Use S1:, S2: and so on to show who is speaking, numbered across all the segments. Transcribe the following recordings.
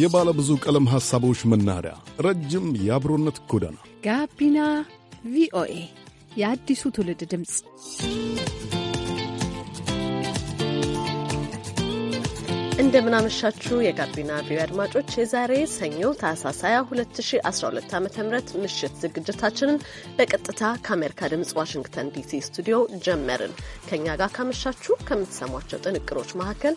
S1: የባለ ብዙ ቀለም ሐሳቦች መናኸሪያ፣ ረጅም የአብሮነት ጎዳና
S2: ጋቢና ቪኦኤ የአዲሱ ትውልድ ድምፅ። እንደምናመሻችሁ የጋቢና ቪኦኤ አድማጮች፣ የዛሬ ሰኞ ታህሳስ 2012 ዓ ም ምሽት ዝግጅታችንን በቀጥታ ከአሜሪካ ድምፅ ዋሽንግተን ዲሲ ስቱዲዮ ጀመርን። ከእኛ ጋር ካመሻችሁ ከምትሰሟቸው ጥንቅሮች መካከል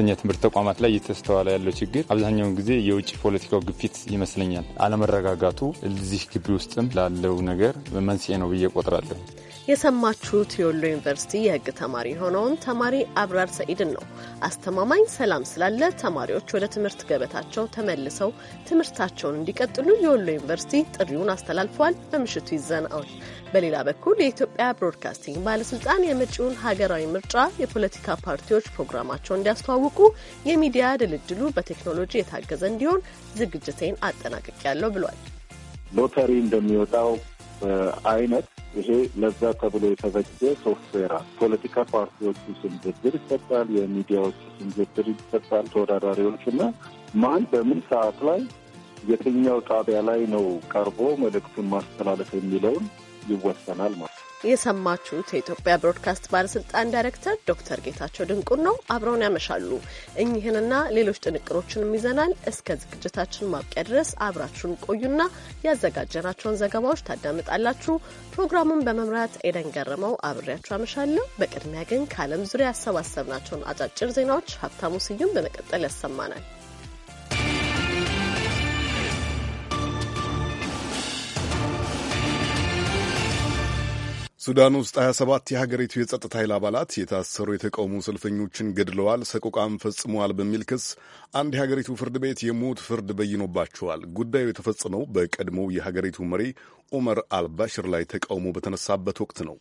S3: ከፍተኛ ትምህርት ተቋማት ላይ እየተስተዋለ ያለው ችግር አብዛኛውን ጊዜ የውጭ ፖለቲካው ግፊት ይመስለኛል። አለመረጋጋቱ እዚህ ግቢ ውስጥም ላለው ነገር መንስኤ ነው ብዬ ቆጥራለሁ።
S2: የሰማችሁት የወሎ ዩኒቨርሲቲ የሕግ ተማሪ የሆነውን ተማሪ አብራር ሰኢድን ነው። አስተማማኝ ሰላም ስላለ ተማሪዎች ወደ ትምህርት ገበታቸው ተመልሰው ትምህርታቸውን እንዲቀጥሉ የወሎ ዩኒቨርሲቲ ጥሪውን አስተላልፈዋል። በምሽቱ ይዘናዋል። በሌላ በኩል የኢትዮጵያ ብሮድካስቲንግ ባለስልጣን የመጪውን ሀገራዊ ምርጫ የፖለቲካ ፓርቲዎች ፕሮግራማቸውን እንዲያስተዋውቁ የሚዲያ ድልድሉ በቴክኖሎጂ የታገዘ እንዲሆን ዝግጅቴን ያለው ብሏል።
S4: ሎተሪ እንደሚወጣው አይነት ይሄ ለዛ ተብሎ የተዘጋጀ ሶፍትዌር ፖለቲካ ፓርቲዎቹ ስም ዝርዝር ይሰጣል፣ የሚዲያዎቹ ስም ዝርዝር ይሰጣል፣ እና ማን በምን ሰዓት ላይ የትኛው ጣቢያ ላይ ነው ቀርቦ መልእክቱን ማስተላለፍ የሚለውን ይወሰናል ማለት ነው።
S2: የሰማችሁት የኢትዮጵያ ብሮድካስት ባለስልጣን ዳይሬክተር ዶክተር ጌታቸው ድንቁን ነው። አብረውን ያመሻሉ። እኚህንና ሌሎች ጥንቅሮችንም ይዘናል። እስከ ዝግጅታችን ማብቂያ ድረስ አብራችሁን ቆዩና ያዘጋጀናቸውን ዘገባዎች ታዳምጣላችሁ። ፕሮግራሙን በመምራት ኤደን ገረመው አብሬያችሁ አመሻለሁ። በቅድሚያ ግን ከዓለም ዙሪያ ያሰባሰብናቸውን አጫጭር ዜናዎች ሀብታሙ ስዩም በመቀጠል ያሰማናል።
S1: ሱዳን ውስጥ 27 የሀገሪቱ የጸጥታ ኃይል አባላት የታሰሩ የተቃውሞ ሰልፈኞችን ገድለዋል፣ ሰቆቃም ፈጽመዋል በሚል ክስ አንድ የሀገሪቱ ፍርድ ቤት የሞት ፍርድ በይኖባቸዋል። ጉዳዩ የተፈጸመው በቀድሞው የሀገሪቱ መሪ ኦመር አልባሽር ላይ ተቃውሞ በተነሳበት ወቅት ነው።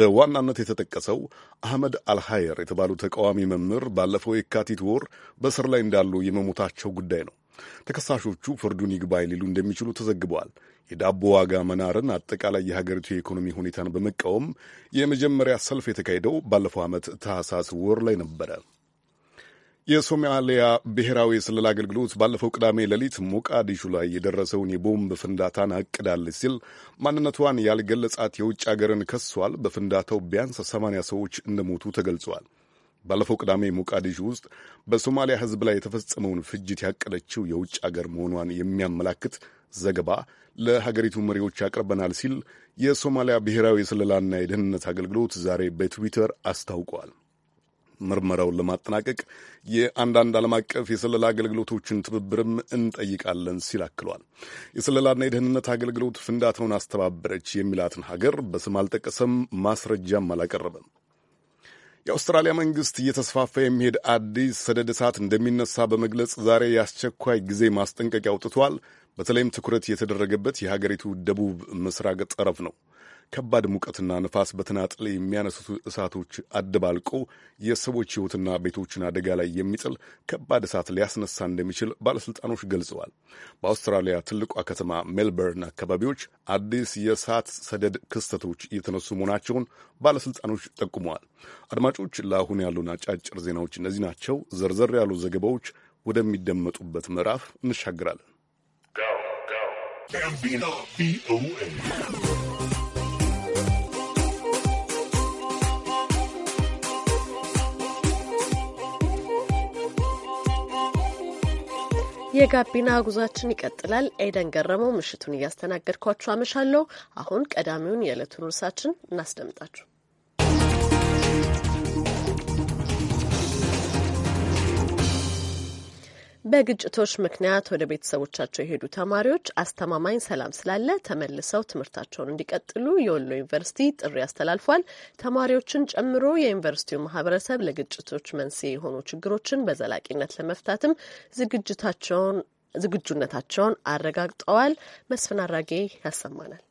S1: በዋናነት የተጠቀሰው አህመድ አልሃየር የተባሉ ተቃዋሚ መምህር ባለፈው የካቲት ወር በእስር ላይ እንዳሉ የመሞታቸው ጉዳይ ነው። ተከሳሾቹ ፍርዱን ይግባኝ ሊሉ እንደሚችሉ ተዘግበዋል። የዳቦ ዋጋ መናርን፣ አጠቃላይ የሀገሪቱ የኢኮኖሚ ሁኔታን በመቃወም የመጀመሪያ ሰልፍ የተካሄደው ባለፈው ዓመት ታህሳስ ወር ላይ ነበረ። የሶማሊያ ብሔራዊ የስለላ አገልግሎት ባለፈው ቅዳሜ ሌሊት ሞቃዲሹ ላይ የደረሰውን የቦምብ ፍንዳታን አቅዳለች ሲል ማንነቷን ያልገለጻት የውጭ አገርን ከሷል። በፍንዳታው ቢያንስ ሰማንያ ሰዎች እንደሞቱ ተገልጿል። ባለፈው ቅዳሜ ሞቃዲሾ ውስጥ በሶማሊያ ሕዝብ ላይ የተፈጸመውን ፍጅት ያቀደችው የውጭ አገር መሆኗን የሚያመላክት ዘገባ ለሀገሪቱ መሪዎች ያቀርበናል ሲል የሶማሊያ ብሔራዊ የስለላና የደህንነት አገልግሎት ዛሬ በትዊተር አስታውቋል። ምርመራውን ለማጠናቀቅ የአንዳንድ ዓለም አቀፍ የስለላ አገልግሎቶችን ትብብርም እንጠይቃለን ሲል አክሏል። የስለላና የደህንነት አገልግሎት ፍንዳታውን አስተባበረች የሚላትን ሀገር በስም አልጠቀሰም፣ ማስረጃም አላቀረበም። የአውስትራሊያ መንግስት እየተስፋፋ የሚሄድ አዲስ ሰደድ እሳት እንደሚነሳ በመግለጽ ዛሬ የአስቸኳይ ጊዜ ማስጠንቀቂያ አውጥቷል። በተለይም ትኩረት የተደረገበት የሀገሪቱ ደቡብ ምስራቅ ጠረፍ ነው። ከባድ ሙቀትና ንፋስ በተናጥል የሚያነሱት እሳቶች አደባልቆ የሰዎች ሕይወትና ቤቶችን አደጋ ላይ የሚጥል ከባድ እሳት ሊያስነሳ እንደሚችል ባለሥልጣኖች ገልጸዋል። በአውስትራሊያ ትልቋ ከተማ ሜልበርን አካባቢዎች አዲስ የእሳት ሰደድ ክስተቶች እየተነሱ መሆናቸውን ባለሥልጣኖች ጠቁመዋል። አድማጮች፣ ለአሁን ያሉን አጫጭር ዜናዎች እነዚህ ናቸው። ዘርዘር ያሉ ዘገባዎች ወደሚደመጡበት ምዕራፍ እንሻግራለን።
S2: የጋቢና ጉዟችን ይቀጥላል። ኤደን ገረመው ምሽቱን እያስተናገድኳችሁ አመሻለሁ። አሁን ቀዳሚውን የዕለቱን ርዕሳችን እናስደምጣችሁ። በግጭቶች ምክንያት ወደ ቤተሰቦቻቸው የሄዱ ተማሪዎች አስተማማኝ ሰላም ስላለ ተመልሰው ትምህርታቸውን እንዲቀጥሉ የወሎ ዩኒቨርሲቲ ጥሪ አስተላልፏል። ተማሪዎችን ጨምሮ የዩኒቨርሲቲው ማህበረሰብ ለግጭቶች መንስኤ የሆኑ ችግሮችን በዘላቂነት ለመፍታትም ዝግጁነታቸውን አረጋግጠዋል። መስፍን አራጌ ያሰማናል።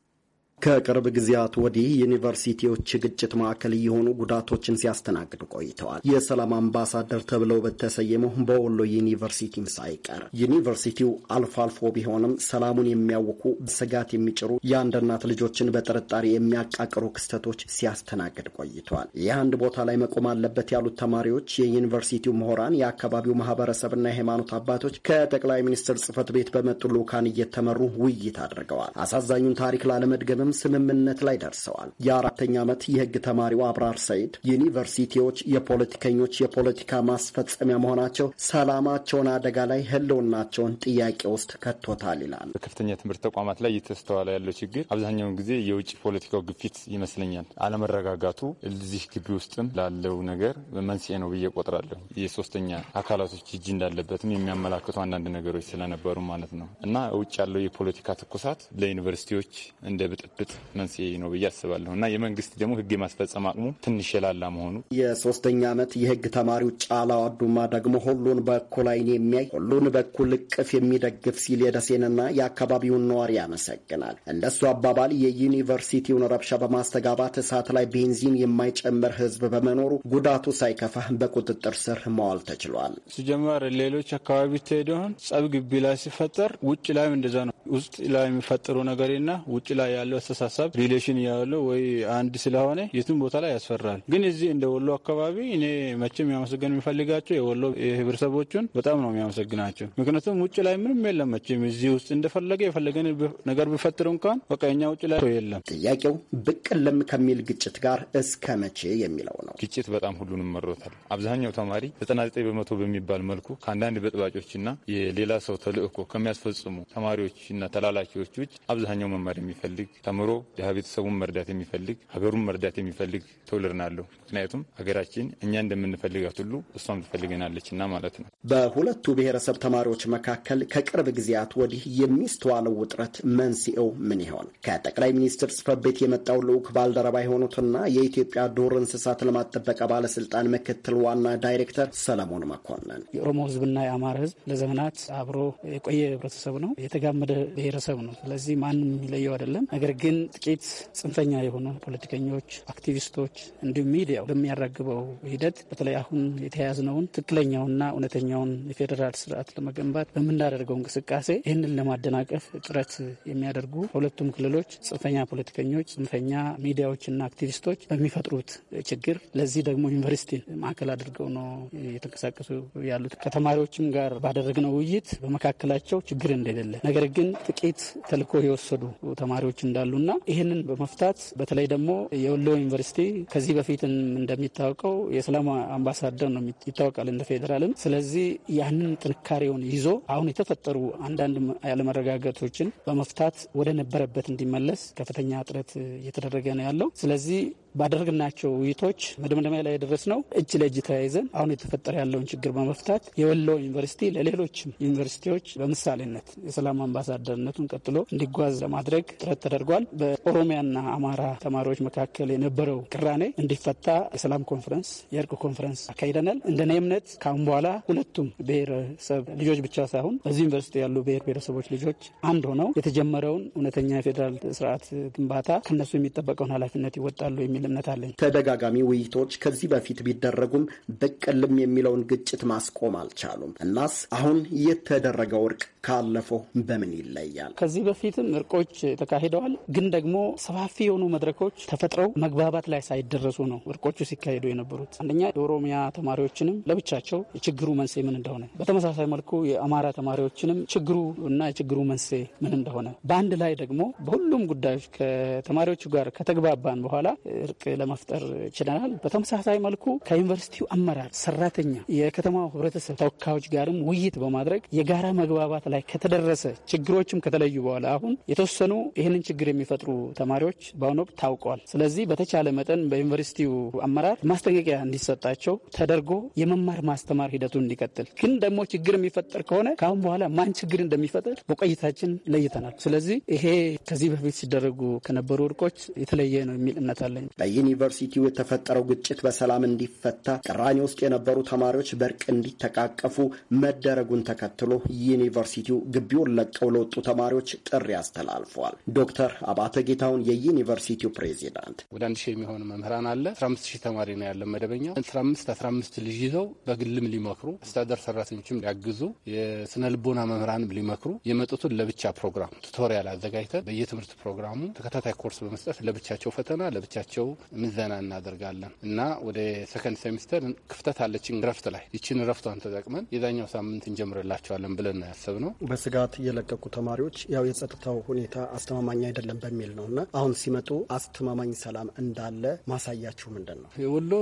S5: ከቅርብ ጊዜያት ወዲህ ዩኒቨርሲቲዎች ግጭት ማዕከል እየሆኑ ጉዳቶችን ሲያስተናግዱ ቆይተዋል። የሰላም አምባሳደር ተብለው በተሰየመው በወሎ ዩኒቨርሲቲም ሳይቀር ዩኒቨርሲቲው አልፎ አልፎ ቢሆንም ሰላሙን የሚያውኩ ስጋት የሚጭሩ የአንድ እናት ልጆችን በጥርጣሬ የሚያቃቅሩ ክስተቶች ሲያስተናግድ ቆይተዋል። ይህ አንድ ቦታ ላይ መቆም አለበት ያሉት ተማሪዎች፣ የዩኒቨርሲቲው ምሁራን፣ የአካባቢው ማህበረሰብና የሃይማኖት አባቶች ከጠቅላይ ሚኒስትር ጽህፈት ቤት በመጡ ልኡካን እየተመሩ ውይይት አድርገዋል። አሳዛኙን ታሪክ ላለመድገምም ስምምነት ላይ ደርሰዋል። የአራተኛ ዓመት የህግ ተማሪው አብራር ሰይድ ዩኒቨርሲቲዎች የፖለቲከኞች የፖለቲካ ማስፈጸሚያ መሆናቸው ሰላማቸውን አደጋ ላይ ህልውናቸውን ጥያቄ ውስጥ ከቶታል ይላል።
S3: በከፍተኛ ትምህርት ተቋማት ላይ እየተስተዋለ ያለው ችግር አብዛኛውን ጊዜ የውጭ ፖለቲካው ግፊት ይመስለኛል። አለመረጋጋቱ እዚህ ግቢ ውስጥም ላለው ነገር መንስኤ ነው ብዬ ቆጥራለሁ። የሶስተኛ አካላቶች እጅ እንዳለበትም የሚያመላክቱ አንዳንድ ነገሮች ስለነበሩ ማለት ነው እና ውጭ ያለው የፖለቲካ ትኩሳት ለዩኒቨርሲቲዎች እንደ ብጥብጥ ብጥብጥ መንስኤ ነው ብዬ አስባለሁ እና የመንግስት ደግሞ ህግ የማስፈጸም አቅሙ ትንሽ የላላ መሆኑ
S5: የሶስተኛ ዓመት የህግ ተማሪው ጫላ አዱማ ደግሞ ሁሉን በኩል አይን የሚያይ ሁሉን በኩል እቅፍ የሚደግፍ ሲል የደሴንና የአካባቢውን ነዋሪ ያመሰግናል። እንደሱ አባባል የዩኒቨርሲቲውን ረብሻ በማስተጋባት እሳት ላይ ቤንዚን የማይጨምር ህዝብ በመኖሩ ጉዳቱ ሳይከፋ በቁጥጥር ስር መዋል ተችሏል።
S6: ሲጀመር ሌሎች አካባቢ ተሄደሆን ጸብ ግቢ ላይ ሲፈጠር ውጭ ላይም እንደዛ ነው። ውስጥ ላይ የሚፈጥሩ ነገሬና ውጭ ላይ ያለው አስተሳሰብ ሪሌሽን ያለው ወይ አንድ ስለሆነ የትም ቦታ ላይ ያስፈራል። ግን እዚህ እንደ ወሎ አካባቢ እኔ መቼም የሚያመሰገን የሚፈልጋቸው የወሎ ህብረተሰቦቹን በጣም ነው የሚያመሰግናቸው። ምክንያቱም ውጭ ላይ ምንም የለም መቼም እዚህ ውስጥ እንደፈለገ የፈለገን ነገር ቢፈጥር እንኳን በቃ እኛ ውጭ ላይ
S3: የለም። ጥያቄው ብቅልም ከሚል ግጭት ጋር እስከ መቼ የሚለው ነው። ግጭት በጣም ሁሉንም መሮታል። አብዛኛው ተማሪ 99 በመቶ በሚባል መልኩ ከአንዳንድ በጥባጮችና የሌላ ሰው ተልእኮ ከሚያስፈጽሙ ተማሪዎችና ተላላኪዎች ውጭ አብዛኛው መማር የሚፈልግ ጨምሮ ድሀ ቤተሰቡን መርዳት የሚፈልግ ሀገሩን መርዳት የሚፈልግ ተውልርናለሁ። ምክንያቱም ሀገራችን እኛ እንደምንፈልጋት ሁሉ እሷም ትፈልገናለች እና ማለት ነው።
S5: በሁለቱ ብሔረሰብ ተማሪዎች መካከል ከቅርብ ጊዜያት ወዲህ የሚስተዋለው ውጥረት መንስኤው ምን ይሆን? ከጠቅላይ ሚኒስትር ጽህፈት ቤት የመጣው ልዑክ ባልደረባ የሆኑትና የኢትዮጵያ ዱር እንስሳት ልማት ጥበቃ ባለስልጣን ምክትል ዋና ዳይሬክተር ሰለሞን መኮንን የኦሮሞ
S7: ህዝብና የአማራ ህዝብ ለዘመናት አብሮ የቆየ ህብረተሰብ ነው፣ የተጋመደ ብሔረሰብ ነው። ስለዚህ ማንም የሚለየው አይደለም። ነገር ግን ጥቂት ጽንፈኛ የሆኑ ፖለቲከኞች፣ አክቲቪስቶች እንዲሁም ሚዲያው በሚያራግበው ሂደት በተለይ አሁን የተያያዝነውን ትክክለኛውና እውነተኛውን የፌዴራል ስርዓት ለመገንባት በምናደርገው እንቅስቃሴ ይህንን ለማደናቀፍ ጥረት የሚያደርጉ ሁለቱም ክልሎች ጽንፈኛ ፖለቲከኞች፣ ጽንፈኛ ሚዲያዎችና አክቲቪስቶች በሚፈጥሩት ችግር ለዚህ ደግሞ ዩኒቨርሲቲን ማዕከል አድርገው ነው የተንቀሳቀሱ ያሉት። ከተማሪዎችም ጋር ባደረግነው ውይይት በመካከላቸው ችግር እንደሌለ ነገር ግን ጥቂት ተልኮ የወሰዱ ተማሪዎች እንዳሉ አሉና ይህንን በመፍታት በተለይ ደግሞ የወሎ ዩኒቨርሲቲ ከዚህ በፊት እንደሚታወቀው የሰላም አምባሳደር ነው ይታወቃል፣ እንደ ፌዴራልም። ስለዚህ ያንን ጥንካሬውን ይዞ አሁን የተፈጠሩ አንዳንድ ያለመረጋጋቶችን በመፍታት ወደ ነበረበት እንዲመለስ ከፍተኛ ጥረት እየተደረገ ነው ያለው። ስለዚህ ባደረግናቸው ውይይቶች መደምደሚያ ላይ ነው። እጅ ለእጅ ተያይዘን አሁን የተፈጠረ ያለውን ችግር በመፍታት የወሎ ዩኒቨርሲቲ ለሌሎችም ዩኒቨርሲቲዎች በምሳሌነት የሰላም አምባሳደርነቱን ቀጥሎ እንዲጓዝ ለማድረግ ጥረት ተደርጓል። በኦሮሚያና አማራ ተማሪዎች መካከል የነበረው ቅራኔ እንዲፈታ የሰላም ኮንፈረንስ፣ የእርቅ ኮንፈረንስ አካሂደናል። እንደኔ እምነት ካሁን በኋላ ሁለቱም ብሔረሰብ ልጆች ብቻ ሳይሆን በዚህ ዩኒቨርሲቲ ያሉ ብሔር ብሔረሰቦች ልጆች አንድ ሆነው የተጀመረውን እውነተኛ የፌዴራል ስርዓት ግንባታ ከነሱ የሚጠበቀውን ኃላፊነት ይወጣሉ የሚል የሚል እምነት
S5: አለኝ። ተደጋጋሚ ውይይቶች ከዚህ በፊት ቢደረጉም በቀልም የሚለውን ግጭት ማስቆም አልቻሉም። እናስ አሁን የተደረገው እርቅ ካለፈው በምን ይለያል? ከዚህ
S7: በፊትም እርቆች ተካሂደዋል። ግን ደግሞ ሰፋፊ የሆኑ መድረኮች ተፈጥረው መግባባት ላይ ሳይደረሱ ነው እርቆቹ ሲካሄዱ የነበሩት። አንደኛ የኦሮሚያ ተማሪዎችንም ለብቻቸው የችግሩ መንስኤ ምን እንደሆነ፣ በተመሳሳይ መልኩ የአማራ ተማሪዎችንም ችግሩ እና የችግሩ መንስኤ ምን እንደሆነ በአንድ ላይ ደግሞ በሁሉም ጉዳዮች ከተማሪዎቹ ጋር ከተግባባን በኋላ ትጥቅ ለመፍጠር ችለናል። በተመሳሳይ መልኩ ከዩኒቨርሲቲው አመራር፣ ሰራተኛ፣ የከተማው ህብረተሰብ ተወካዮች ጋርም ውይይት በማድረግ የጋራ መግባባት ላይ ከተደረሰ ችግሮችም ከተለዩ በኋላ አሁን የተወሰኑ ይህንን ችግር የሚፈጥሩ ተማሪዎች በአሁኑ ወቅት ታውቀዋል። ስለዚህ በተቻለ መጠን በዩኒቨርሲቲው አመራር ማስጠንቀቂያ እንዲሰጣቸው ተደርጎ የመማር ማስተማር ሂደቱን እንዲቀጥል ግን ደግሞ ችግር የሚፈጠር ከሆነ ከአሁን በኋላ ማን ችግር እንደሚፈጠር በቆይታችን ለይተናል። ስለዚህ ይሄ ከዚህ በፊት ሲደረጉ ከነበሩ እርቆች የተለየ ነው የሚል እምነት አለኝ።
S5: በዩኒቨርሲቲው የተፈጠረው ግጭት በሰላም እንዲፈታ ቅራኔ ውስጥ የነበሩ ተማሪዎች በእርቅ እንዲተቃቀፉ መደረጉን ተከትሎ ዩኒቨርሲቲው ግቢውን ለቀው ለወጡ ተማሪዎች ጥሪ አስተላልፏል። ዶክተር አባተ ጌታውን የዩኒቨርሲቲው ፕሬዚዳንት
S8: ወደ አንድ ሺህ የሚሆን መምህራን አለ። አስራ አምስት ሺህ ተማሪ ነው ያለ መደበኛ አስራ አምስት አስራ አምስት ልጅ ይዘው በግልም ሊመክሩ አስተዳደር ሰራተኞችም ሊያግዙ የስነ ልቦና መምህራንም ሊመክሩ የመጡትን ለብቻ ፕሮግራም ቱቶሪያል አዘጋጅተን በየትምህርት ፕሮግራሙ ተከታታይ ኮርስ በመስጠት ለብቻቸው ፈተና ለብቻቸው ሰው ምዘና እናደርጋለን እና ወደ ሰከንድ ሴሚስተር ክፍተት አለችን ረፍት ላይ ይችን ረፍቷን ተጠቅመን የዛኛው ሳምንት እንጀምርላቸዋለን ብለን ነው ያሰብነው።
S5: በስጋት የለቀቁ ተማሪዎች ያው የጸጥታው ሁኔታ አስተማማኝ አይደለም በሚል ነው እና አሁን ሲመጡ አስተማማኝ ሰላም እንዳለ ማሳያችሁ ምንድን ነው?
S8: ወሎ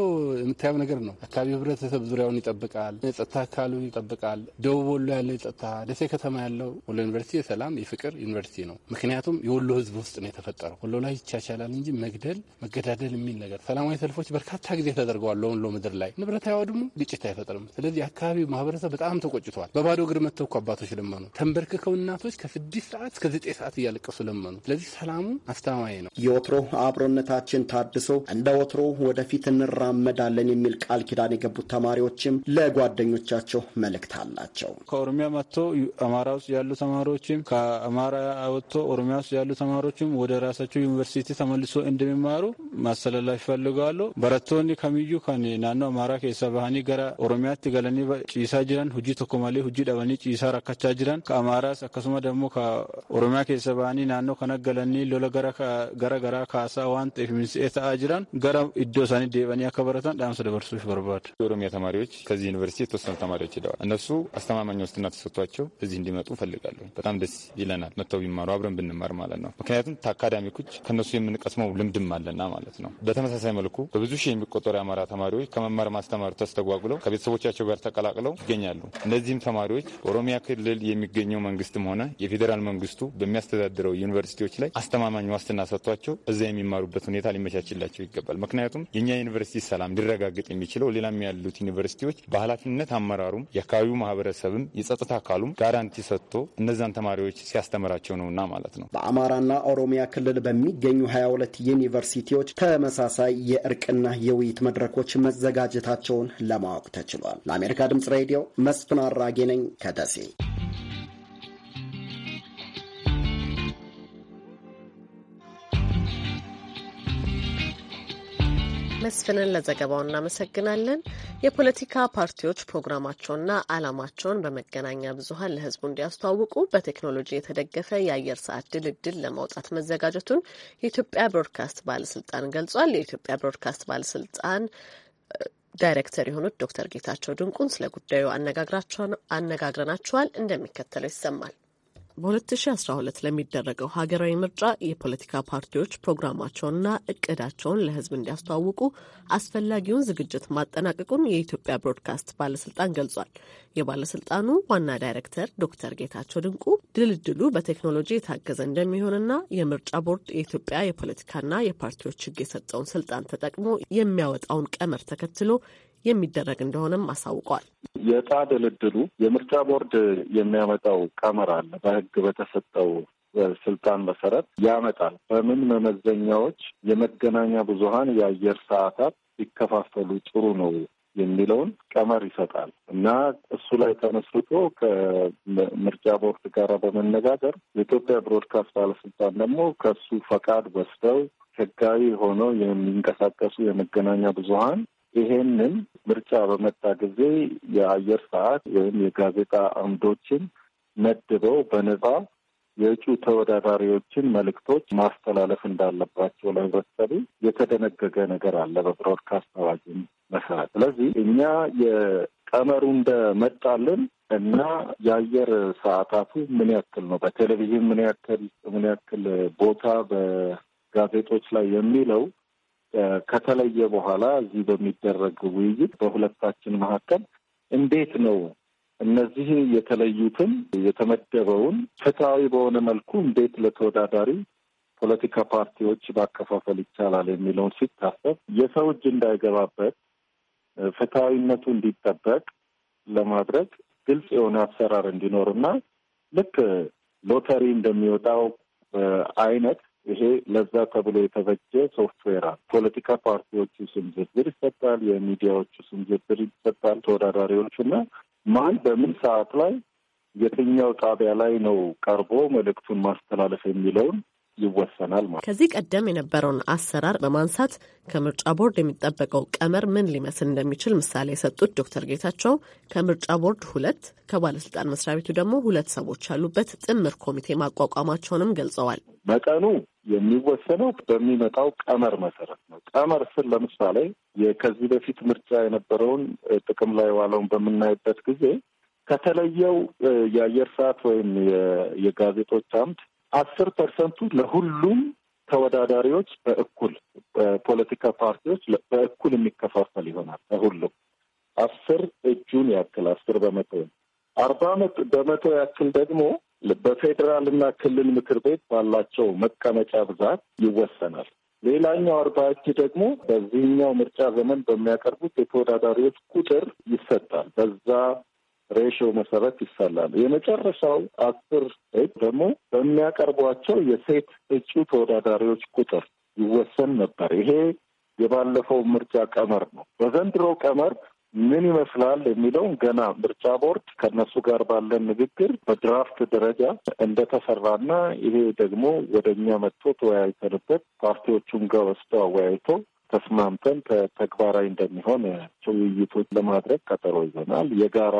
S8: የምታየው ነገር ነው። አካባቢ ህብረተሰብ ዙሪያውን ይጠብቃል፣ የጸጥታ አካሉ ይጠብቃል። ደቡብ ወሎ ያለው የጸጥታ ደሴ ከተማ ያለው ወሎ ዩኒቨርሲቲ የሰላም የፍቅር ዩኒቨርሲቲ ነው። ምክንያቱም የወሎ ህዝብ ውስጥ ነው የተፈጠረው። ወሎ ላይ ይቻቻላል እንጂ መግደል መገዳ መገዳደል የሚል ነገር ሰላማዊ ሰልፎች በርካታ ጊዜ ተደርገዋል። ለወሎ ምድር ላይ ንብረት ድሞ ግጭት አይፈጥርም። ስለዚህ አካባቢው ማህበረሰብ በጣም ተቆጭተዋል። በባዶ እግር መጥተው እኮ አባቶች ለመኑ። ተንበርክከው እናቶች ከስድስት ሰዓት እስከ ዘጠኝ ሰዓት እያለቀሱ ለመኑ። ስለዚህ ሰላሙ አስተማማኝ ነው።
S5: የወትሮ አብሮነታችን ታድሶ እንደ ወትሮ ወደፊት እንራመዳለን የሚል ቃል ኪዳን የገቡት ተማሪዎችም ለጓደኞቻቸው መልእክት አላቸው።
S6: ከኦሮሚያ መጥቶ አማራ ውስጥ ያሉ ተማሪዎችም ከአማራ ወጥቶ ኦሮሚያ ውስጥ ያሉ ተማሪዎችም ወደ ራሳቸው ዩኒቨርሲቲ ተመልሶ እንደሚማሩ ማስተላለፍ ይፈልጋሉ። barattoonni kamiyyuu kan naannoo amaaraa keessaa bahanii gara oromiyaatti galanii ciisaa jiran hojii tokko malee hojii dhabanii ciisaa rakkachaa jiran ka amaaraas akkasuma dammoo ka oromiyaa keessa bahanii naannoo kana galanii lola gara garaa kaasaa waan ta'eef misee ta'aa jiran gara
S3: iddoo isaanii deebanii akka baratan dhaamsa dabarsuuf barbaada. Oromiyaa ተማሪዎች ከዚህ ዩኒቨርሲቲ የተወሰኑ ተማሪዎች ሄደዋል። እነሱ አስተማማኝ ዋስትና ተሰጥቷቸው እዚህ ማለት ነው። በተመሳሳይ መልኩ በብዙ ሺህ የሚቆጠሩ የአማራ ተማሪዎች ከመማር ማስተማር ተስተጓጉለው ከቤተሰቦቻቸው ጋር ተቀላቅለው ይገኛሉ። እነዚህም ተማሪዎች ኦሮሚያ ክልል የሚገኘው መንግስትም ሆነ የፌዴራል መንግስቱ በሚያስተዳድረው ዩኒቨርሲቲዎች ላይ አስተማማኝ ዋስትና ሰጥቷቸው እዛ የሚማሩበት ሁኔታ ሊመቻችላቸው ይገባል። ምክንያቱም የእኛ ዩኒቨርሲቲ ሰላም ሊረጋግጥ የሚችለው ሌላም ያሉት ዩኒቨርሲቲዎች በኃላፊነት አመራሩም የአካባቢው ማህበረሰብም የጸጥታ አካሉም ጋራንቲ ሰጥቶ እነዛን ተማሪዎች ሲያስተምራቸው ነውና ማለት ነው።
S5: በአማራና ኦሮሚያ ክልል በሚገኙ 22 ዩኒቨርሲቲዎች ተመሳሳይ የእርቅና የውይይት መድረኮች መዘጋጀታቸውን ለማወቅ ተችሏል። ለአሜሪካ ድምፅ ሬዲዮ መስፍን አራጌ ነኝ ከደሴ።
S2: መስፍንን ለዘገባው እናመሰግናለን። የፖለቲካ ፓርቲዎች ፕሮግራማቸውና ዓላማቸውን በመገናኛ ብዙኃን ለሕዝቡ እንዲያስተዋውቁ በቴክኖሎጂ የተደገፈ የአየር ሰዓት ድልድል ለማውጣት መዘጋጀቱን የኢትዮጵያ ብሮድካስት ባለስልጣን ገልጿል። የኢትዮጵያ ብሮድካስት ባለስልጣን ዳይሬክተር የሆኑት ዶክተር ጌታቸው ድንቁን ስለ ጉዳዩ አነጋግረናቸዋል። እንደሚከተለው ይሰማል። በ2012 ለሚደረገው ሀገራዊ ምርጫ የፖለቲካ ፓርቲዎች ፕሮግራማቸውንና እቅዳቸውን ለሕዝብ እንዲያስተዋውቁ አስፈላጊውን ዝግጅት ማጠናቀቁን የኢትዮጵያ ብሮድካስት ባለስልጣን ገልጿል። የባለስልጣኑ ዋና ዳይሬክተር ዶክተር ጌታቸው ድንቁ ድልድሉ በቴክኖሎጂ የታገዘ እንደሚሆንና የምርጫ ቦርድ የኢትዮጵያ የፖለቲካና የፓርቲዎች ሕግ የሰጠውን ስልጣን ተጠቅሞ የሚያወጣውን ቀመር ተከትሎ የሚደረግ እንደሆነም አሳውቀዋል።
S4: የዕጣ ድልድሉ የምርጫ ቦርድ የሚያመጣው ቀመር አለ። በህግ በተሰጠው ስልጣን መሰረት ያመጣል። በምን መመዘኛዎች የመገናኛ ብዙሀን የአየር ሰዓታት ሊከፋፈሉ ጥሩ ነው የሚለውን ቀመር ይሰጣል እና እሱ ላይ ተመስርቶ ከምርጫ ቦርድ ጋር በመነጋገር የኢትዮጵያ ብሮድካስት ባለስልጣን ደግሞ ከሱ ፈቃድ ወስደው ህጋዊ ሆነው የሚንቀሳቀሱ የመገናኛ ብዙሀን ይሄንን ምርጫ በመጣ ጊዜ የአየር ሰዓት ወይም የጋዜጣ አምዶችን መድበው በነፃ የእጩ ተወዳዳሪዎችን መልእክቶች ማስተላለፍ እንዳለባቸው ለህብረተሰቡ የተደነገገ ነገር አለ በብሮድካስት አዋጅን መሰረት። ስለዚህ እኛ የቀመሩ እንደመጣልን እና የአየር ሰዓታቱ ምን ያክል ነው በቴሌቪዥን ምን ያክል ምን ያክል ቦታ በጋዜጦች ላይ የሚለው ከተለየ በኋላ እዚህ በሚደረግ ውይይት በሁለታችን መካከል እንዴት ነው እነዚህ የተለዩትን የተመደበውን ፍትሐዊ በሆነ መልኩ እንዴት ለተወዳዳሪ ፖለቲካ ፓርቲዎች ማከፋፈል ይቻላል የሚለውን ሲታሰብ የሰው እጅ እንዳይገባበት ፍትሐዊነቱ እንዲጠበቅ ለማድረግ ግልጽ የሆነ አሰራር እንዲኖርና ልክ ሎተሪ እንደሚወጣው አይነት ይሄ ለዛ ተብሎ የተበጀ ሶፍትዌር አለ። ፖለቲካ ፓርቲዎቹ ስም ዝርዝር ይሰጣል። የሚዲያዎቹ ስም ዝርዝር ይሰጣል። ተወዳዳሪዎቹና ማን በምን ሰዓት ላይ የትኛው ጣቢያ ላይ ነው ቀርቦ መልእክቱን ማስተላለፍ የሚለውን ይወሰናል ማለት።
S2: ከዚህ ቀደም የነበረውን አሰራር በማንሳት ከምርጫ ቦርድ የሚጠበቀው ቀመር ምን ሊመስል እንደሚችል ምሳሌ የሰጡት ዶክተር ጌታቸው ከምርጫ ቦርድ ሁለት ከባለስልጣን መስሪያ ቤቱ ደግሞ ሁለት ሰዎች ያሉበት ጥምር ኮሚቴ ማቋቋማቸውንም ገልጸዋል።
S4: መጠኑ የሚወሰነው በሚመጣው ቀመር መሰረት ነው። ቀመር ስል ለምሳሌ ከዚህ በፊት ምርጫ የነበረውን ጥቅም ላይ የዋለውን በምናይበት ጊዜ ከተለየው የአየር ሰዓት ወይም የጋዜጦች አምድ አስር ፐርሰንቱ ለሁሉም ተወዳዳሪዎች በእኩል በፖለቲካ ፓርቲዎች በእኩል የሚከፋፈል ይሆናል። ለሁሉም አስር እጁን ያክል አስር በመቶ አርባ በመቶ ያክል ደግሞ በፌዴራልና ክልል ምክር ቤት ባላቸው መቀመጫ ብዛት ይወሰናል። ሌላኛው አርባ እጅ ደግሞ በዚህኛው ምርጫ ዘመን በሚያቀርቡት የተወዳዳሪዎች ቁጥር ይሰጣል። በዛ ሬሽዮ መሰረት ይሰላል። የመጨረሻው አስር እጅ ደግሞ በሚያቀርቧቸው የሴት እጩ ተወዳዳሪዎች ቁጥር ይወሰን ነበር። ይሄ የባለፈው ምርጫ ቀመር ነው። በዘንድሮ ቀመር ምን ይመስላል የሚለውን ገና ምርጫ ቦርድ ከነሱ ጋር ባለን ንግግር በድራፍት ደረጃ እንደተሰራና ይሄ ደግሞ ወደ እኛ መጥቶ ተወያይተንበት ፓርቲዎቹም ጋር ወስዶ አወያይቶ ተስማምተን ተግባራዊ እንደሚሆን ውይይቶች ለማድረግ ቀጠሮ ይዘናል። የጋራ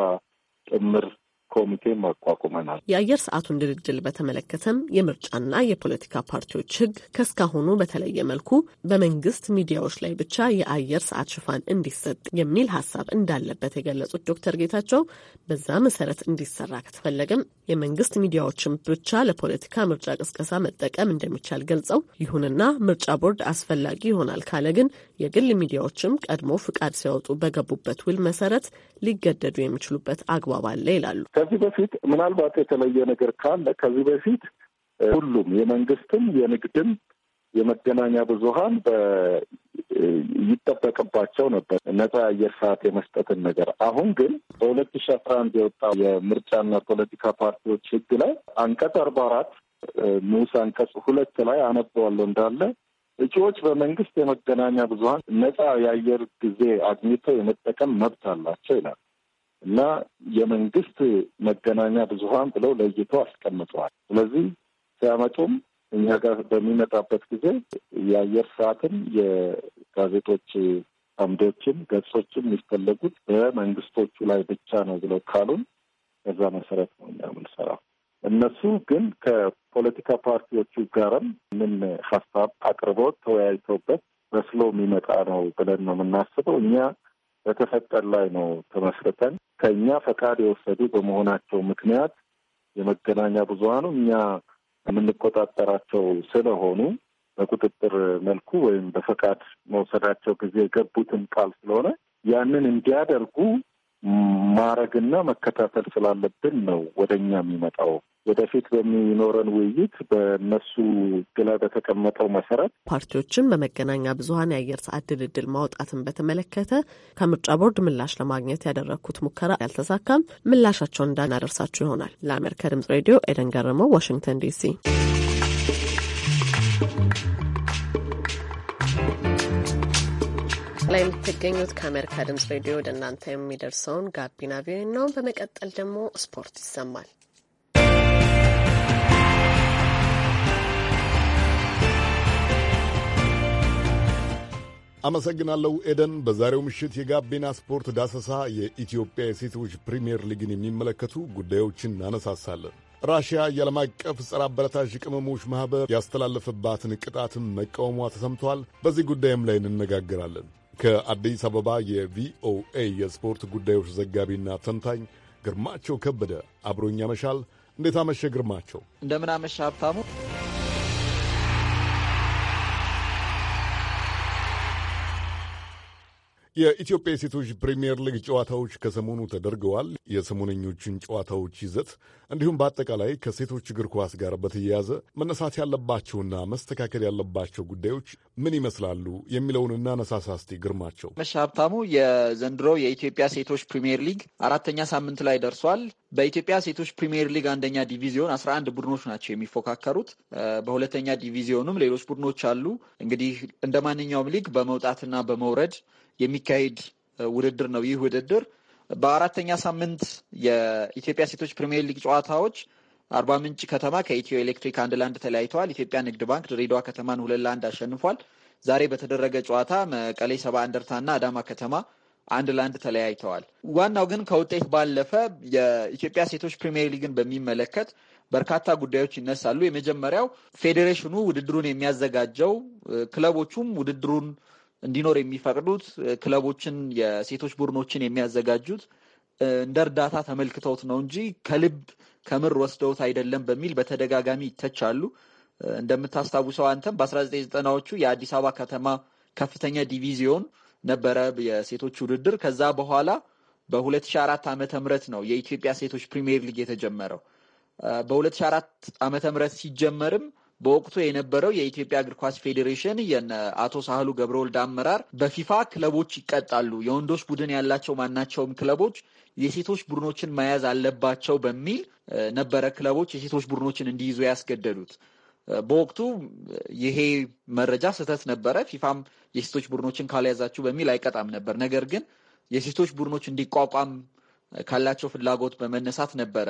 S4: ጥምር ኮሚቴ ማቋቁመናል።
S2: የአየር ሰዓቱን ድልድል በተመለከተም የምርጫና የፖለቲካ ፓርቲዎች ህግ ከእስካሁኑ በተለየ መልኩ በመንግስት ሚዲያዎች ላይ ብቻ የአየር ሰዓት ሽፋን እንዲሰጥ የሚል ሀሳብ እንዳለበት የገለጹት ዶክተር ጌታቸው በዛ መሰረት እንዲሰራ ከተፈለገም የመንግስት ሚዲያዎችን ብቻ ለፖለቲካ ምርጫ ቅስቀሳ መጠቀም እንደሚቻል ገልጸው፣ ይሁንና ምርጫ ቦርድ አስፈላጊ ይሆናል ካለ ግን የግል ሚዲያዎችም ቀድሞ ፍቃድ ሲያወጡ በገቡበት ውል መሰረት ሊገደዱ የሚችሉበት አግባብ አለ ይላሉ።
S4: ከዚህ በፊት ምናልባት የተለየ ነገር ካለ ከዚህ በፊት ሁሉም የመንግስትም የንግድም የመገናኛ ብዙሀን ይጠበቅባቸው ነበር ነጻ የአየር ሰዓት የመስጠትን ነገር። አሁን ግን በሁለት ሺ አስራ አንድ የወጣው የምርጫና ፖለቲካ ፓርቲዎች ህግ ላይ አንቀጽ አርባ አራት ንዑስ አንቀጽ ሁለት ላይ አነበዋለሁ እንዳለ እጩዎች በመንግስት የመገናኛ ብዙሀን ነጻ የአየር ጊዜ አግኝተው የመጠቀም መብት አላቸው ይላል። እና የመንግስት መገናኛ ብዙሀን ብለው ለይቶ አስቀምጠዋል። ስለዚህ ሲያመጡም እኛ ጋር በሚመጣበት ጊዜ የአየር ሰዓትን የጋዜጦች አምዶችን ገጾችን የሚፈለጉት በመንግስቶቹ ላይ ብቻ ነው ብለው ካሉን በዛ መሰረት ነው እኛ የምንሰራው። እነሱ ግን ከፖለቲካ ፓርቲዎቹ ጋርም ምን ሀሳብ አቅርበው ተወያይተውበት በስሎ የሚመጣ ነው ብለን ነው የምናስበው። እኛ በተፈጠር ላይ ነው ተመስርተን ከእኛ ፈቃድ የወሰዱ በመሆናቸው ምክንያት የመገናኛ ብዙሀኑ እኛ የምንቆጣጠራቸው ስለሆኑ በቁጥጥር መልኩ ወይም በፈቃድ መውሰዳቸው ጊዜ የገቡትን ቃል ስለሆነ ያንን እንዲያደርጉ ማረግና መከታተል ስላለብን ነው ወደ እኛ የሚመጣው ወደፊት በሚኖረን ውይይት በእነሱ ግላ በተቀመጠው መሰረት
S2: ፓርቲዎችን በመገናኛ ብዙኃን የአየር ሰዓት ድልድል ማውጣትን በተመለከተ ከምርጫ ቦርድ ምላሽ ለማግኘት ያደረግኩት ሙከራ ያልተሳካም፣ ምላሻቸውን እንዳናደርሳችሁ ይሆናል። ለአሜሪካ ድምጽ ሬዲዮ ኤደን ገረመው፣ ዋሽንግተን ዲሲ። ላይ የምትገኙት ከአሜሪካ ድምጽ ሬዲዮ ወደ እናንተ የሚደርሰውን ጋቢና ቪኦኤ ነው። በመቀጠል ደግሞ ስፖርት ይሰማል።
S1: አመሰግናለሁ ኤደን። በዛሬው ምሽት የጋቢና ስፖርት ዳሰሳ የኢትዮጵያ የሴቶች ፕሪምየር ሊግን የሚመለከቱ ጉዳዮችን እናነሳሳለን። ራሽያ የዓለም አቀፍ ጸረ አበረታች ቅመሞች ማኅበር ያስተላለፈባትን ቅጣትን መቃወሟ ተሰምቷል። በዚህ ጉዳይም ላይ እንነጋገራለን። ከአዲስ አበባ የቪኦኤ የስፖርት ጉዳዮች ዘጋቢና ተንታኝ ግርማቸው ከበደ አብሮኝ ያመሻል። እንዴት አመሸ ግርማቸው?
S9: እንደምን አመሻ ሀብታሙ።
S1: የኢትዮጵያ የሴቶች ፕሪምየር ሊግ ጨዋታዎች ከሰሞኑ ተደርገዋል። የሰሞነኞቹን ጨዋታዎች ይዘት እንዲሁም በአጠቃላይ ከሴቶች እግር ኳስ ጋር በተያያዘ መነሳት ያለባቸውና መስተካከል ያለባቸው ጉዳዮች ምን ይመስላሉ የሚለውን እናነሳሳስቲ ግርማቸው።
S9: መሻ ሀብታሙ፣ የዘንድሮው የኢትዮጵያ ሴቶች ፕሪምየር ሊግ አራተኛ ሳምንት ላይ ደርሷል። በኢትዮጵያ ሴቶች ፕሪምየር ሊግ አንደኛ ዲቪዚዮን አስራ አንድ ቡድኖች ናቸው የሚፎካከሩት። በሁለተኛ ዲቪዚዮንም ሌሎች ቡድኖች አሉ። እንግዲህ እንደ ማንኛውም ሊግ በመውጣትና በመውረድ የሚካሄድ ውድድር ነው። ይህ ውድድር በአራተኛ ሳምንት የኢትዮጵያ ሴቶች ፕሪሚየር ሊግ ጨዋታዎች አርባ ምንጭ ከተማ ከኢትዮ ኤሌክትሪክ አንድ ለአንድ ተለያይተዋል። ኢትዮጵያ ንግድ ባንክ ድሬዳዋ ከተማን ሁለት ለአንድ አሸንፏል። ዛሬ በተደረገ ጨዋታ መቀሌ ሰባ እንደርታና አዳማ ከተማ አንድ ለአንድ ተለያይተዋል። ዋናው ግን ከውጤት ባለፈ የኢትዮጵያ ሴቶች ፕሪሚየር ሊግን በሚመለከት በርካታ ጉዳዮች ይነሳሉ። የመጀመሪያው ፌዴሬሽኑ ውድድሩን የሚያዘጋጀው ክለቦቹም ውድድሩን እንዲኖር የሚፈቅዱት ክለቦችን፣ የሴቶች ቡድኖችን የሚያዘጋጁት እንደ እርዳታ ተመልክተውት ነው እንጂ ከልብ ከምር ወስደውት አይደለም በሚል በተደጋጋሚ ይተቻሉ። እንደምታስታውሰው አንተም በ1990ዎቹ የአዲስ አበባ ከተማ ከፍተኛ ዲቪዚዮን ነበረ የሴቶች ውድድር። ከዛ በኋላ በ2004 ዓ. ምህረት ነው የኢትዮጵያ ሴቶች ፕሪሚየር ሊግ የተጀመረው። በ2004 ዓመተ ምህረት ሲጀመርም በወቅቱ የነበረው የኢትዮጵያ እግር ኳስ ፌዴሬሽን የነ አቶ ሳህሉ ገብረወልድ አመራር በፊፋ ክለቦች ይቀጣሉ፣ የወንዶች ቡድን ያላቸው ማናቸውም ክለቦች የሴቶች ቡድኖችን መያዝ አለባቸው በሚል ነበረ ክለቦች የሴቶች ቡድኖችን እንዲይዙ ያስገደዱት። በወቅቱ ይሄ መረጃ ስህተት ነበረ። ፊፋም የሴቶች ቡድኖችን ካልያዛችሁ በሚል አይቀጣም ነበር። ነገር ግን የሴቶች ቡድኖች እንዲቋቋም ካላቸው ፍላጎት በመነሳት ነበረ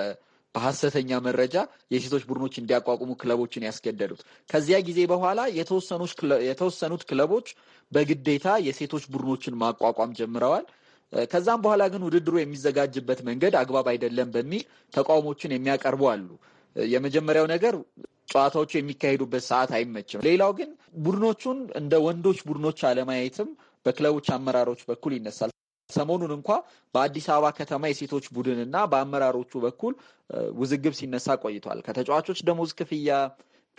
S9: በሐሰተኛ መረጃ የሴቶች ቡድኖች እንዲያቋቁሙ ክለቦችን ያስገደዱት። ከዚያ ጊዜ በኋላ የተወሰኑት ክለቦች በግዴታ የሴቶች ቡድኖችን ማቋቋም ጀምረዋል። ከዛም በኋላ ግን ውድድሩ የሚዘጋጅበት መንገድ አግባብ አይደለም በሚል ተቃውሞችን የሚያቀርቡ አሉ። የመጀመሪያው ነገር ጨዋታዎቹ የሚካሄዱበት ሰዓት አይመችም። ሌላው ግን ቡድኖቹን እንደ ወንዶች ቡድኖች አለማየትም በክለቦች አመራሮች በኩል ይነሳል። ሰሞኑን እንኳ በአዲስ አበባ ከተማ የሴቶች ቡድን በአመራሮቹ በኩል ውዝግብ ሲነሳ ቆይቷል። ከተጫዋቾች ደሞዝ ክፍያ፣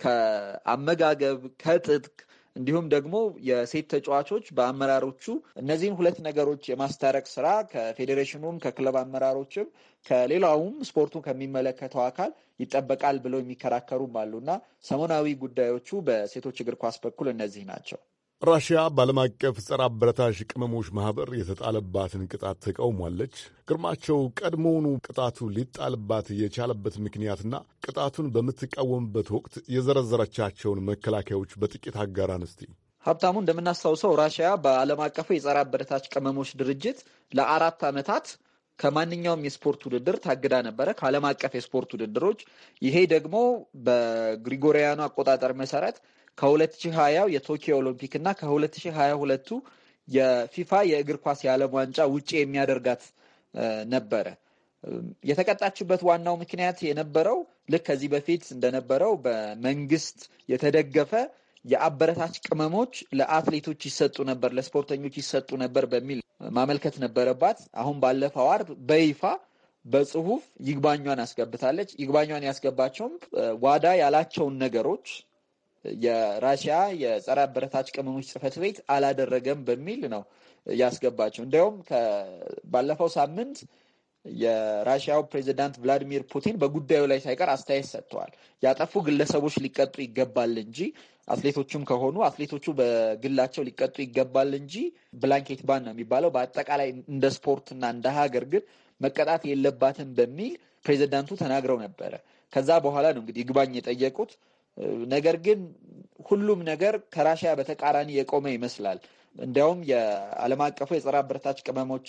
S9: ከአመጋገብ፣ ከትጥቅ እንዲሁም ደግሞ የሴት ተጫዋቾች በአመራሮቹ እነዚህን ሁለት ነገሮች የማስታረቅ ስራ ከፌዴሬሽኑም ከክለብ አመራሮችም ከሌላውም ስፖርቱ ከሚመለከተው አካል ይጠበቃል ብለው የሚከራከሩም አሉ እና ሰሞናዊ ጉዳዮቹ በሴቶች እግር ኳስ በኩል እነዚህ ናቸው።
S1: ራሽያ በዓለም አቀፍ ጸረ አበረታሽ ቅመሞች ማኅበር የተጣለባትን ቅጣት ተቃውሟለች። ግርማቸው ቀድሞውኑ ቅጣቱ ሊጣልባት የቻለበት ምክንያትና ቅጣቱን በምትቃወምበት ወቅት የዘረዘረቻቸውን መከላከያዎች በጥቂት አጋር አንስቲ።
S9: ሀብታሙ እንደምናስታውሰው ራሽያ በዓለም አቀፉ የጸረ አበረታች ቅመሞች ድርጅት ለአራት ዓመታት ከማንኛውም የስፖርት ውድድር ታግዳ ነበረ፣ ከዓለም አቀፍ የስፖርት ውድድሮች። ይሄ ደግሞ በግሪጎሪያኑ አቆጣጠር መሰረት ከ2020 የቶኪዮ ኦሎምፒክ እና ከ2022ቱ የፊፋ የእግር ኳስ የዓለም ዋንጫ ውጪ የሚያደርጋት ነበረ። የተቀጣችበት ዋናው ምክንያት የነበረው ልክ ከዚህ በፊት እንደነበረው በመንግስት የተደገፈ የአበረታች ቅመሞች ለአትሌቶች ይሰጡ ነበር፣ ለስፖርተኞች ይሰጡ ነበር በሚል ማመልከት ነበረባት። አሁን ባለፈው አርብ በይፋ በጽሁፍ ይግባኟን አስገብታለች። ይግባኟን ያስገባቸውም ዋዳ ያላቸውን ነገሮች የራሽያ የጸረ አበረታች ቅመሞች ጽህፈት ቤት አላደረገም በሚል ነው ያስገባቸው። እንዲያውም ባለፈው ሳምንት የራሽያው ፕሬዚዳንት ቭላዲሚር ፑቲን በጉዳዩ ላይ ሳይቀር አስተያየት ሰጥተዋል። ያጠፉ ግለሰቦች ሊቀጡ ይገባል እንጂ አትሌቶቹም ከሆኑ አትሌቶቹ በግላቸው ሊቀጡ ይገባል እንጂ ብላንኬት ባን ነው የሚባለው። በአጠቃላይ እንደ ስፖርትና እንደ ሀገር ግን መቀጣት የለባትም በሚል ፕሬዚዳንቱ ተናግረው ነበረ። ከዛ በኋላ ነው እንግዲህ ይግባኝ የጠየቁት። ነገር ግን ሁሉም ነገር ከራሽያ በተቃራኒ የቆመ ይመስላል። እንዲያውም የዓለም አቀፉ የጸረ አበረታች ቅመሞች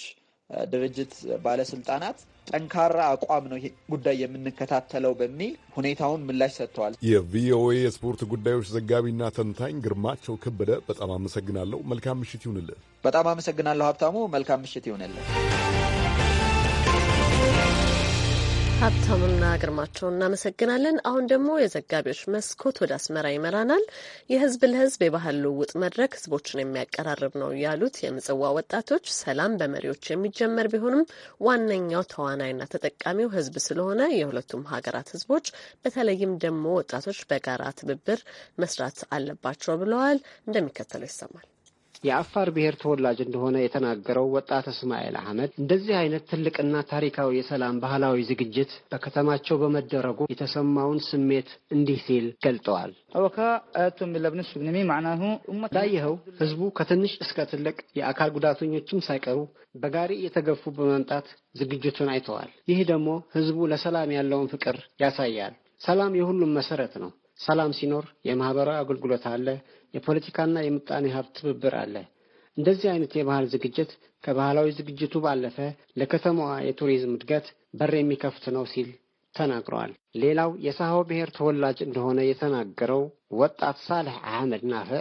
S9: ድርጅት ባለስልጣናት ጠንካራ አቋም ነው ይሄ ጉዳይ የምንከታተለው በሚል ሁኔታውን ምላሽ ሰጥተዋል።
S1: የቪኦኤ የስፖርት ጉዳዮች ዘጋቢና ተንታኝ ግርማቸው ከበደ በጣም አመሰግናለሁ። መልካም ምሽት ይሁንልህ።
S9: በጣም አመሰግናለሁ ሀብታሙ። መልካም ምሽት ይሁንልህ።
S2: ሀብታሙና ግርማቸው እናመሰግናለን። አሁን ደግሞ የዘጋቢዎች መስኮት ወደ አስመራ ይመራናል። የህዝብ ለህዝብ የባህል ልውውጥ መድረክ ህዝቦችን የሚያቀራርብ ነው ያሉት የምጽዋ ወጣቶች ሰላም በመሪዎች የሚጀመር ቢሆንም ዋነኛው ተዋናይና ተጠቃሚው ህዝብ ስለሆነ የሁለቱም ሀገራት ህዝቦች በተለይም ደግሞ ወጣቶች በጋራ ትብብር መስራት አለባቸው ብለዋል። እንደሚከተለው ይሰማል። የአፋር ብሔር ተወላጅ
S10: እንደሆነ የተናገረው ወጣት እስማኤል አህመድ እንደዚህ አይነት ትልቅና ታሪካዊ የሰላም ባህላዊ ዝግጅት በከተማቸው በመደረጉ የተሰማውን ስሜት እንዲህ ሲል ገልጠዋል። እንዳየኸው ህዝቡ ከትንሽ እስከ ትልቅ የአካል ጉዳተኞችም ሳይቀሩ በጋሪ እየተገፉ በመምጣት ዝግጅቱን አይተዋል። ይህ ደግሞ ህዝቡ ለሰላም ያለውን ፍቅር ያሳያል። ሰላም የሁሉም መሰረት ነው። ሰላም ሲኖር የማህበራዊ አገልግሎት አለ፣ የፖለቲካና የምጣኔ ሀብት ትብብር አለ። እንደዚህ አይነት የባህል ዝግጅት ከባህላዊ ዝግጅቱ ባለፈ ለከተማዋ የቱሪዝም እድገት በር የሚከፍት ነው ሲል ተናግረዋል። ሌላው የሳሆ ብሔር ተወላጅ እንደሆነ የተናገረው ወጣት ሳልሕ አህመድ ናፈ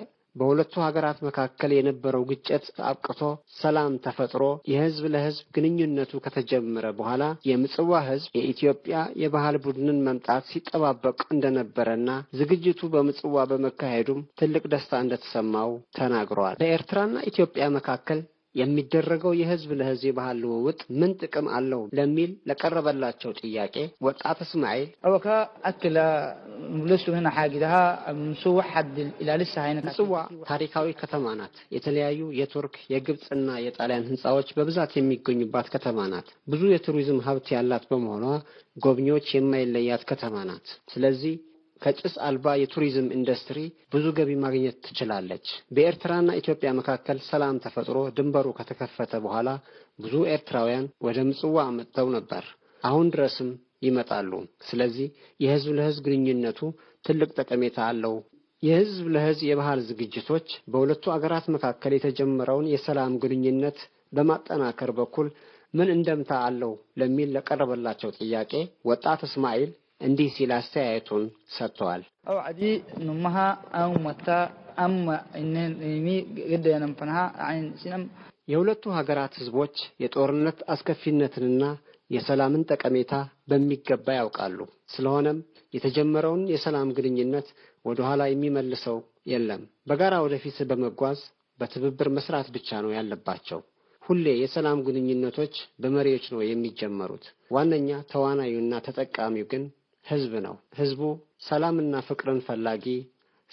S10: በሁለቱ ሀገራት መካከል የነበረው ግጭት አብቅቶ ሰላም ተፈጥሮ የህዝብ ለህዝብ ግንኙነቱ ከተጀመረ በኋላ የምጽዋ ህዝብ የኢትዮጵያ የባህል ቡድንን መምጣት ሲጠባበቅ እንደነበረና ዝግጅቱ በምጽዋ በመካሄዱም ትልቅ ደስታ እንደተሰማው ተናግረዋል። በኤርትራና ኢትዮጵያ መካከል የሚደረገው የህዝብ ለህዝብ የባህል ልውውጥ ምን ጥቅም አለው ለሚል ለቀረበላቸው ጥያቄ ወጣት እስማኤል አወካ አክለ ምብለሱ ህና ሓጊድሃ ምጽዋ ሓድል ኢላልስ ዓይነት ምጽዋ ታሪካዊ ከተማ ናት። የተለያዩ የቱርክ የግብፅና የጣሊያን ህንፃዎች በብዛት የሚገኙባት ከተማ ናት። ብዙ የቱሪዝም ሀብት ያላት በመሆኗ ጎብኚዎች የማይለያት ከተማ ናት። ስለዚህ ከጭስ አልባ የቱሪዝም ኢንዱስትሪ ብዙ ገቢ ማግኘት ትችላለች። በኤርትራና ኢትዮጵያ መካከል ሰላም ተፈጥሮ ድንበሩ ከተከፈተ በኋላ ብዙ ኤርትራውያን ወደ ምጽዋ መጥተው ነበር። አሁን ድረስም ይመጣሉ። ስለዚህ የህዝብ ለህዝብ ግንኙነቱ ትልቅ ጠቀሜታ አለው። የህዝብ ለህዝብ የባህል ዝግጅቶች በሁለቱ አገራት መካከል የተጀመረውን የሰላም ግንኙነት በማጠናከር በኩል ምን እንደምታ አለው ለሚል ለቀረበላቸው ጥያቄ ወጣት እስማኤል እንዲህ ሲል አስተያየቱን ሰጥተዋል። አውዓዲ ኑመሃ መታ አማ እኔ ገደነምፈንሃ አይን ሲነም የሁለቱ ሀገራት ህዝቦች የጦርነት አስከፊነትንና የሰላምን ጠቀሜታ በሚገባ ያውቃሉ። ስለሆነም የተጀመረውን የሰላም ግንኙነት ወደ ኋላ የሚመልሰው የለም። በጋራ ወደፊት በመጓዝ በትብብር መስራት ብቻ ነው ያለባቸው። ሁሌ የሰላም ግንኙነቶች በመሪዎች ነው የሚጀመሩት። ዋነኛ ተዋናዩና ተጠቃሚው ግን ህዝብ ነው። ህዝቡ ሰላምና ፍቅርን ፈላጊ፣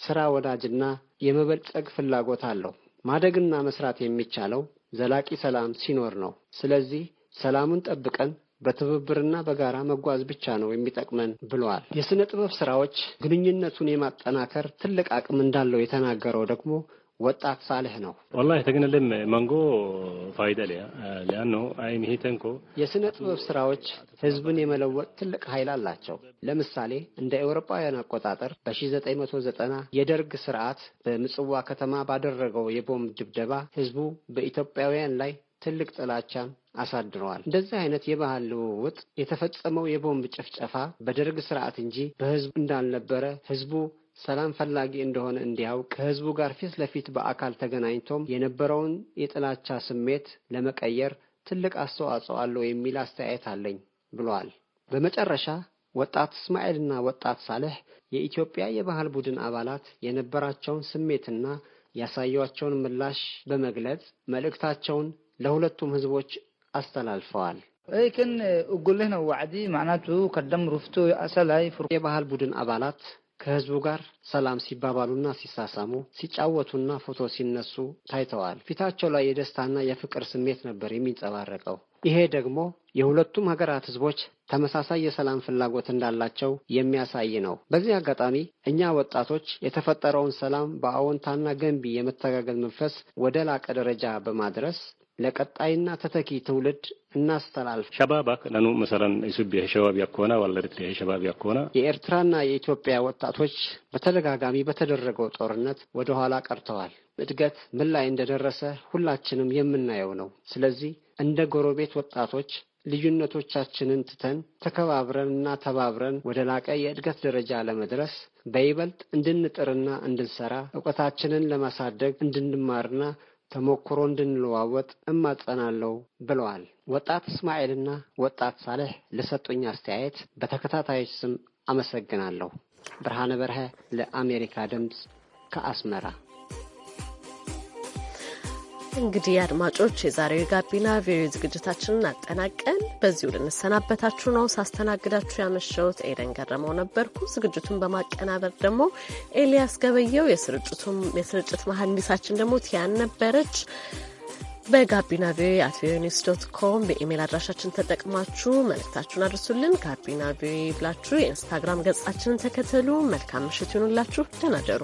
S10: ስራ ወዳጅና የመበልጸግ ፍላጎት አለው። ማደግና መስራት የሚቻለው ዘላቂ ሰላም ሲኖር ነው። ስለዚህ ሰላሙን ጠብቀን በትብብርና በጋራ መጓዝ ብቻ ነው የሚጠቅመን ብለዋል። የሥነ ጥበብ ሥራዎች ግንኙነቱን የማጠናከር ትልቅ አቅም እንዳለው የተናገረው ደግሞ ወጣት ሳልህ ነው
S8: ወላ የተገነለም መንጎ ፋይዳ ሊያ ሊያኖ አይምሄ ተንኮ
S10: የሥነ ጥበብ ሥራዎች ሕዝብን የመለወጥ ትልቅ ኃይል አላቸው። ለምሳሌ እንደ ኤውሮፓውያን አቆጣጠር በ1990 የደርግ ስርዓት በምጽዋ ከተማ ባደረገው የቦምብ ድብደባ ሕዝቡ በኢትዮጵያውያን ላይ ትልቅ ጥላቻን አሳድረዋል። እንደዚህ አይነት የባህል ልውውጥ የተፈጸመው የቦምብ ጭፍጨፋ በደርግ ስርዓት እንጂ በህዝብ እንዳልነበረ ህዝቡ ሰላም ፈላጊ እንደሆነ እንዲያውቅ ከህዝቡ ጋር ፊት ለፊት በአካል ተገናኝቶም የነበረውን የጥላቻ ስሜት ለመቀየር ትልቅ አስተዋጽኦ አለው የሚል አስተያየት አለኝ ብለዋል። በመጨረሻ ወጣት እስማኤልና ወጣት ሳልሕ የኢትዮጵያ የባህል ቡድን አባላት የነበራቸውን ስሜትና ያሳዩቸውን ምላሽ በመግለጽ መልእክታቸውን ለሁለቱም ህዝቦች አስተላልፈዋል። ይክን እጉልህ ነው ዋዕዲ ማዕናቱ ከደም ሩፍቱ አሰላይ የባህል ቡድን አባላት ከህዝቡ ጋር ሰላም ሲባባሉና ሲሳሳሙ ሲጫወቱና ፎቶ ሲነሱ ታይተዋል። ፊታቸው ላይ የደስታና የፍቅር ስሜት ነበር የሚንጸባረቀው። ይሄ ደግሞ የሁለቱም ሀገራት ህዝቦች ተመሳሳይ የሰላም ፍላጎት እንዳላቸው የሚያሳይ ነው። በዚህ አጋጣሚ እኛ ወጣቶች የተፈጠረውን ሰላም በአዎንታና ገንቢ የመተጋገዝ መንፈስ ወደ ላቀ ደረጃ በማድረስ ለቀጣይና ተተኪ ትውልድ እናስተላልፍ።
S8: ሸባብ አክለኑ መሰረን ኢሱብ የሸባብ ያኮና ዋለሪት የሸባብ ያኮና
S10: የኤርትራና የኢትዮጵያ ወጣቶች በተደጋጋሚ በተደረገው ጦርነት ወደ ኋላ ቀርተዋል። እድገት ምን ላይ እንደደረሰ ሁላችንም የምናየው ነው። ስለዚህ እንደ ጎረቤት ወጣቶች ልዩነቶቻችንን ትተን ተከባብረንና ተባብረን ወደ ላቀ የእድገት ደረጃ ለመድረስ በይበልጥ እንድንጥርና እንድንሰራ እውቀታችንን ለማሳደግ እንድንማርና ተሞክሮ እንድንለዋወጥ እማጸናለሁ ብለዋል። ወጣት እስማኤልና ወጣት ሳሌሕ ለሰጡኝ አስተያየት በተከታታዮች ስም አመሰግናለሁ። ብርሃነ በርሀ ለአሜሪካ
S2: ድምፅ ከአስመራ እንግዲህ አድማጮች የዛሬው የጋቢና ቪዮ ዝግጅታችንን አጠናቀን በዚሁ ልንሰናበታችሁ ነው። ሳስተናግዳችሁ ያመሸሁት ኤደን ገረመው ነበርኩ። ዝግጅቱን በማቀናበር ደግሞ ኤልያስ ገበየው፣ የስርጭቱም የስርጭት መሀንዲሳችን ደግሞ ቲያን ነበረች። በጋቢና ቪዮ አት ቪዮ ኒውስ ዶት ኮም በኢሜይል አድራሻችን ተጠቅማችሁ መልእክታችሁን አድርሱልን። ጋቢና ቪዮ ብላችሁ የኢንስታግራም ገጻችንን ተከተሉ። መልካም ምሽት ይሁኑላችሁ። ደህና ደሩ።